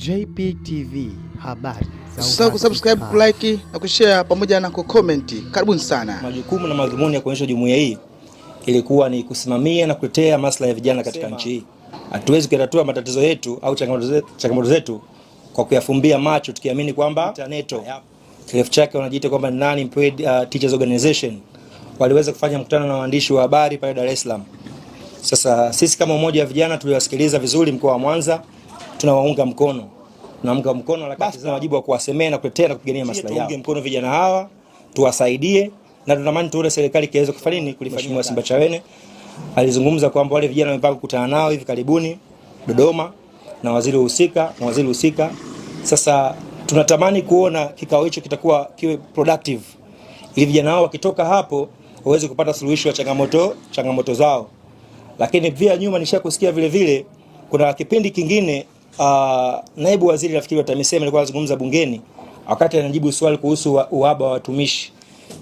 JPTV habari. Usisahau kusubscribe, kulike na kushare pamoja na kukomenti. Karibuni sana. Majukumu na madhumuni ya kuonyesha jumuiya hii ilikuwa ni kusimamia na kutetea maslahi ya vijana katika nchi hii. Hatuwezi kutatua matatizo yetu au changamoto zetu kwa kuyafumbia macho tukiamini kwamba TANETO kirefu chake wanajiita kwamba Non Employed uh, Teachers Organization waliweza kufanya mkutano na waandishi wa habari pale Dar es Salaam. Sasa sisi kama umoja wa vijana tuliwasikiliza vizuri mkoa wa Mwanza tunawaunga mkono, tunaunga mkono harakati zao, wajibu wa kuwasemea na kutetea na kupigania maslahi yao. Tuunge mkono vijana hawa, tuwasaidie na tunatamani tuone serikali kiweze kufanya nini kulifanyia. Simba Chawene. alizungumza kwamba wale vijana wamepanga kukutana nao hivi karibuni Dodoma na waziri husika na waziri husika. Sasa tunatamani kuona kikao hicho kitakuwa kiwe productive, ili vijana hao wakitoka hapo waweze kupata suluhisho ya changamoto changamoto zao. Lakini pia nyuma nishakusikia vile vile kuna kipindi kingine uh, naibu waziri nafikiri wa TAMISEMI alikuwa anazungumza bungeni wakati anajibu swali kuhusu uhaba wa watumishi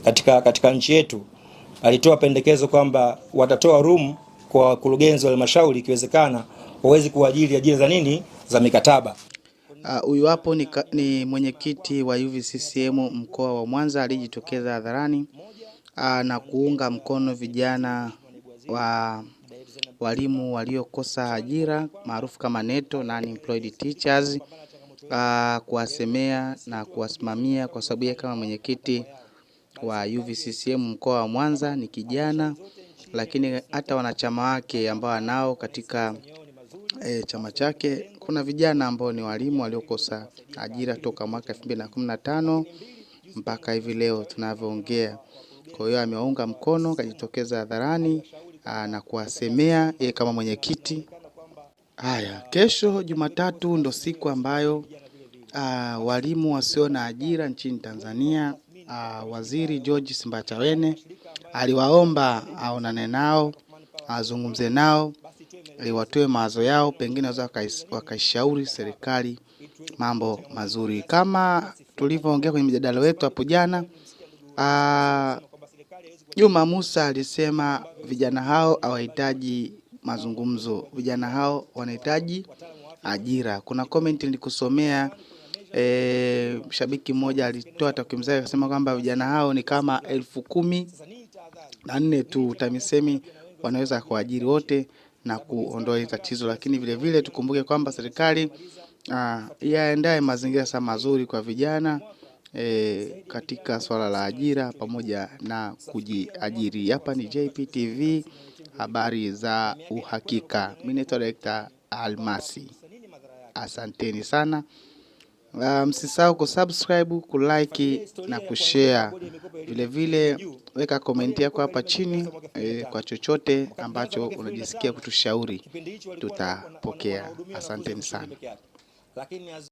katika, katika nchi yetu alitoa pendekezo kwamba watatoa room kwa wakurugenzi wa halmashauri ikiwezekana waweze kuajiri ajira za nini za mikataba. Uh, huyu uh, hapo ni, ni mwenyekiti wa UVCCM mkoa wa Mwanza alijitokeza hadharani uh, na kuunga mkono vijana wa walimu waliokosa ajira maarufu kama NETO, na unemployed teachers, uh, kuwasemea na kuwasimamia, kwa sababu yeye kama mwenyekiti wa UVCCM mkoa wa Mwanza ni kijana, lakini hata wanachama wake ambao anao katika e, chama chake kuna vijana ambao ni walimu waliokosa ajira toka mwaka 2015 mpaka hivi leo tunavyoongea. Kwa hiyo amewaunga mkono, akajitokeza hadharani. Ah, na kuwasemea yeye eh, kama mwenyekiti. Haya, kesho Jumatatu ndo siku ambayo aa, ah, walimu wasio na ajira nchini Tanzania aa, ah, Waziri George Simbachawene aliwaomba aonane nao, azungumze nao ili watoe mawazo yao, pengine waweza wakaishauri serikali mambo mazuri. Kama tulivyoongea kwenye mjadala wetu hapo jana, Juma Musa alisema vijana hao hawahitaji mazungumzo, vijana hao wanahitaji ajira. Kuna comment nilikusomea e, shabiki mmoja alitoa takwimu zake akasema kwamba vijana hao ni kama elfu kumi na nne tu TAMISEMI wanaweza kuajiri wote na kuondoa tatizo, lakini vilevile tukumbuke kwamba serikali ah, yaendae mazingira sa mazuri kwa vijana e, katika swala la ajira pamoja na kujiajiri. Hapa ni JPTV, habari za uhakika. Mimi ni Director Almasi, asanteni sana. Msisahau um, kusubscribe, kulike na kushare, vilevile weka komenti yako hapa chini eh, kwa chochote ambacho unajisikia kutushauri, tutapokea. Asanteni sana.